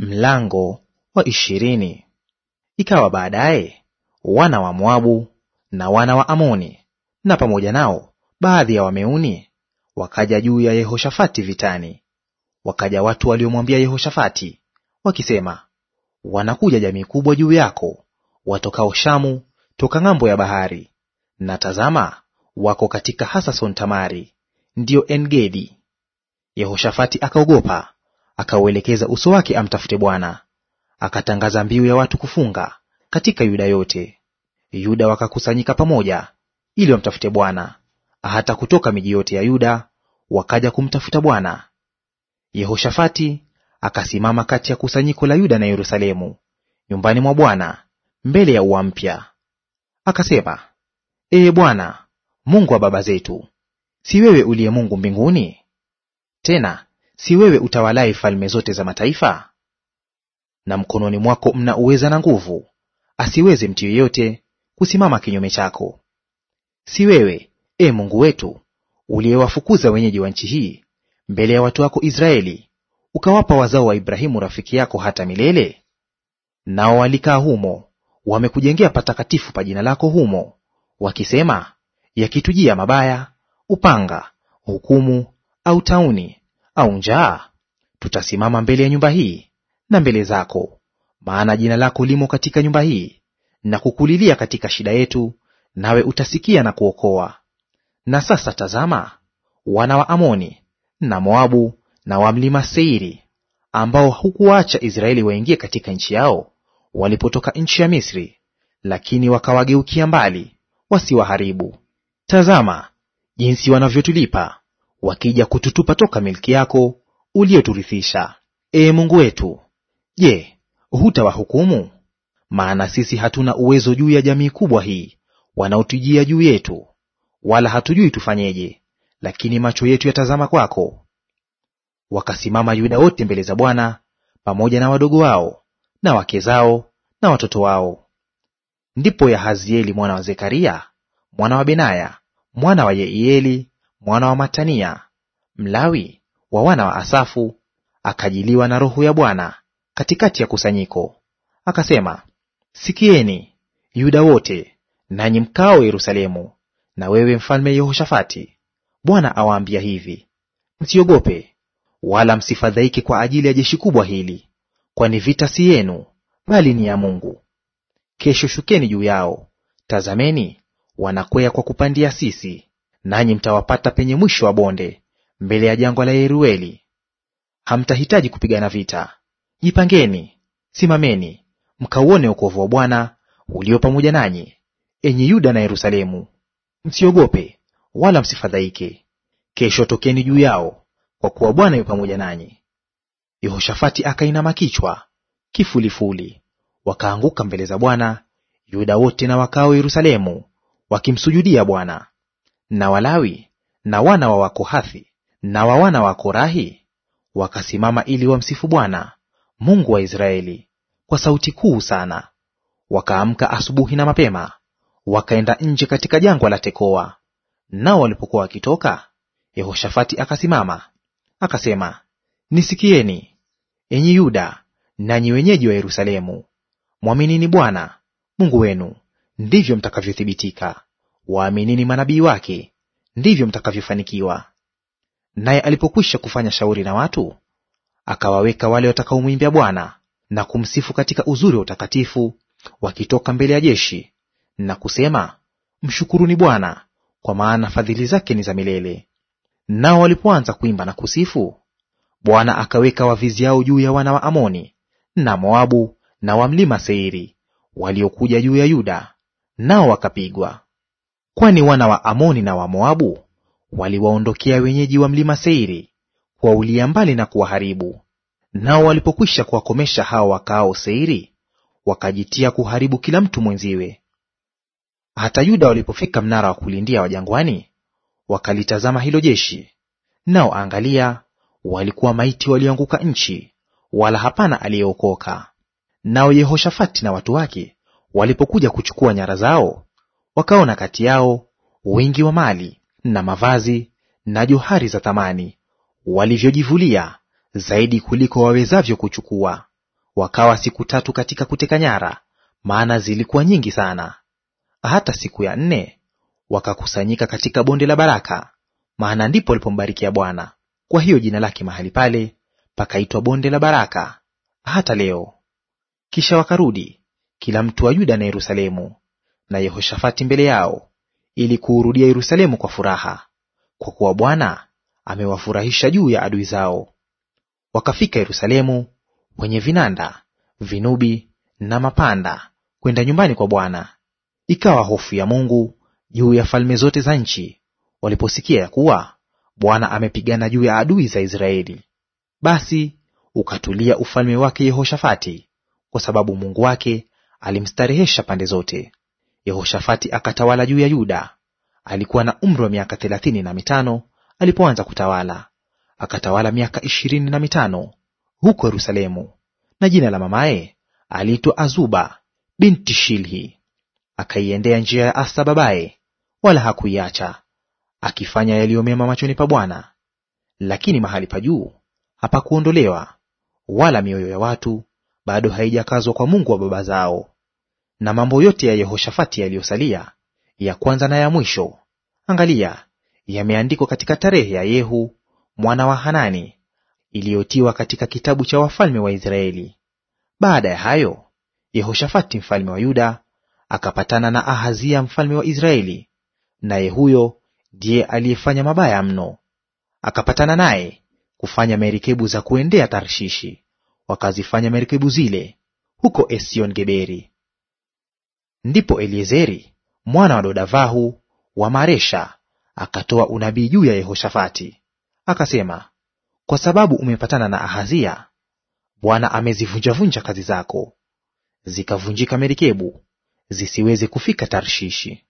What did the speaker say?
Mlango wa ishirini. Ikawa baadaye wana wa Moabu na wana wa Amoni na pamoja nao baadhi ya Wameuni wakaja juu ya Yehoshafati vitani. Wakaja watu waliomwambia Yehoshafati wakisema, wanakuja jamii kubwa juu yako watokao Shamu toka ng'ambo ya bahari, na tazama, wako katika Hasason Tamari, ndiyo Engedi. Yehoshafati akaogopa akauelekeza uso wake amtafute Bwana. Akatangaza mbiu ya watu kufunga katika Yuda yote. Yuda wakakusanyika pamoja ili wamtafute Bwana, hata kutoka miji yote ya Yuda wakaja kumtafuta Bwana. Yehoshafati akasimama kati ya kusanyiko la Yuda na Yerusalemu nyumbani mwa Bwana mbele ya ua mpya, akasema: Ee Bwana Mungu wa baba zetu, si wewe uliye Mungu mbinguni? Tena si wewe utawalaye falme zote za mataifa? Na mkononi mwako mna uweza na nguvu, asiweze mtu yeyote kusimama kinyume chako. Si wewe, e Mungu wetu, uliyewafukuza wenyeji wa nchi hii mbele ya watu wako Israeli, ukawapa wazao wa Ibrahimu rafiki yako hata milele? Nao walikaa humo, wamekujengea patakatifu pa jina lako humo, wakisema, yakitujia mabaya, upanga, hukumu au tauni au njaa, tutasimama mbele ya nyumba hii na mbele zako, maana jina lako limo katika nyumba hii, na kukulilia katika shida yetu, nawe utasikia na kuokoa. Na sasa tazama, wana wa Amoni na Moabu na wa mlima Seiri, ambao hukuwaacha Israeli waingie katika nchi yao walipotoka nchi ya Misri, lakini wakawageukia mbali wasiwaharibu. Tazama jinsi wanavyotulipa wakija kututupa toka milki yako uliyoturithisha. Ee Mungu wetu, je, hutawahukumu? Maana sisi hatuna uwezo juu ya jamii kubwa hii wanaotujia juu yetu, wala hatujui tufanyeje, lakini macho yetu yatazama kwako. Wakasimama Yuda wote mbele za Bwana pamoja na wadogo wao na wake zao na watoto wao. Ndipo Yahazieli mwana wa Zekaria mwana wa Benaya mwana wa Yeieli mwana wa Matania Mlawi wa wana wa Asafu, akajiliwa na roho ya Bwana katikati ya kusanyiko, akasema, Sikieni Yuda wote nanyi mkao Yerusalemu, na wewe mfalme Yehoshafati, Bwana awaambia hivi, msiogope wala msifadhaike kwa ajili ya jeshi kubwa hili, kwani vita si yenu, bali ni ya Mungu. Kesho shukeni juu yao; tazameni, wanakwea kwa kupandia sisi, nanyi mtawapata penye mwisho wa bonde, mbele ya jangwa la Yerueli. Hamtahitaji kupigana vita. Jipangeni, simameni, mkauone wokovu wa Bwana ulio pamoja nanyi, enyi Yuda na Yerusalemu. Msiogope wala msifadhaike. Kesho tokeni juu yao, kwa kuwa Bwana yu pamoja nanyi. Yehoshafati akainama kichwa kifulifuli, wakaanguka mbele za Bwana Yuda wote na wakao Yerusalemu, wakimsujudia Bwana na Walawi na wana wa Wakohathi na wa wana wa Korahi wakasimama ili wamsifu Bwana Mungu wa Israeli kwa sauti kuu sana. Wakaamka asubuhi na mapema, wakaenda nje katika jangwa la Tekoa. Nao walipokuwa wakitoka, Yehoshafati akasimama akasema, nisikieni enyi Yuda nanyi wenyeji wa Yerusalemu, mwaminini Bwana Mungu wenu, ndivyo mtakavyothibitika. Waaminini manabii wake, ndivyo mtakavyofanikiwa. Naye alipokwisha kufanya shauri na watu, akawaweka wale watakaomwimbia Bwana na kumsifu katika uzuri wa utakatifu, wakitoka mbele ya jeshi na kusema, mshukuruni Bwana, kwa maana fadhili zake ni za milele. Nao walipoanza kuimba na kusifu, Bwana akaweka wavizi ao juu ya wana wa Amoni na Moabu na wa mlima Seiri waliokuja juu ya Yuda, nao wakapigwa. Kwani wana wa Amoni na wa Moabu waliwaondokea wenyeji wa mlima Seiri kuwaulia mbali na kuwaharibu. Nao walipokwisha kuwakomesha hao wakaao Seiri, wakajitia kuharibu kila mtu mwenziwe. Hata Yuda walipofika mnara wa kulindia wa jangwani, wakalitazama hilo jeshi, nao angalia, walikuwa maiti walioanguka nchi, wala hapana aliyeokoka. Nao Yehoshafati na watu wake walipokuja kuchukua nyara zao, wakaona kati yao wingi wa mali na mavazi na johari za thamani, walivyojivulia zaidi kuliko wawezavyo kuchukua. Wakawa siku tatu katika kuteka nyara, maana zilikuwa nyingi sana. Hata siku ya nne wakakusanyika katika bonde la Baraka, maana ndipo walipombarikia Bwana. Kwa hiyo jina lake mahali pale pakaitwa bonde la Baraka hata leo. Kisha wakarudi kila mtu wa Yuda na Yerusalemu na Yehoshafati mbele yao ili kuurudia Yerusalemu kwa furaha, kwa kuwa Bwana amewafurahisha juu ya adui zao. Wakafika Yerusalemu wenye vinanda, vinubi na mapanda kwenda nyumbani kwa Bwana. Ikawa hofu ya Mungu juu ya falme zote za nchi waliposikia ya kuwa Bwana amepigana juu ya adui za Israeli. Basi ukatulia ufalme wake Yehoshafati, kwa sababu Mungu wake alimstarehesha pande zote. Yehoshafati akatawala juu ya Yuda. Alikuwa na umri wa miaka thelathini na mitano alipoanza kutawala, akatawala miaka ishirini na mitano huko Yerusalemu. Na jina la mamaye aliitwa Azuba binti Shilhi. Akaiendea njia ya Asa babaye, wala hakuiacha, akifanya yaliyo mema machoni pa Bwana. Lakini mahali pa juu hapakuondolewa, wala mioyo ya watu bado haijakazwa kwa Mungu wa baba zao. Na mambo yote ya Yehoshafati yaliyosalia, ya kwanza na ya mwisho, angalia, yameandikwa katika tarehe ya Yehu mwana wa Hanani, iliyotiwa katika kitabu cha wafalme wa Israeli. Baada ya hayo, Yehoshafati mfalme wa Yuda akapatana na Ahazia mfalme wa Israeli, naye huyo ndiye aliyefanya mabaya mno. Akapatana naye kufanya merikebu za kuendea Tarshishi, wakazifanya merikebu zile huko Esion Geberi. Ndipo Eliezeri mwana wa Dodavahu wa Maresha akatoa unabii juu ya Yehoshafati, akasema, kwa sababu umepatana na Ahazia, Bwana amezivunjavunja kazi zako, zikavunjika merikebu, zisiweze kufika Tarshishi.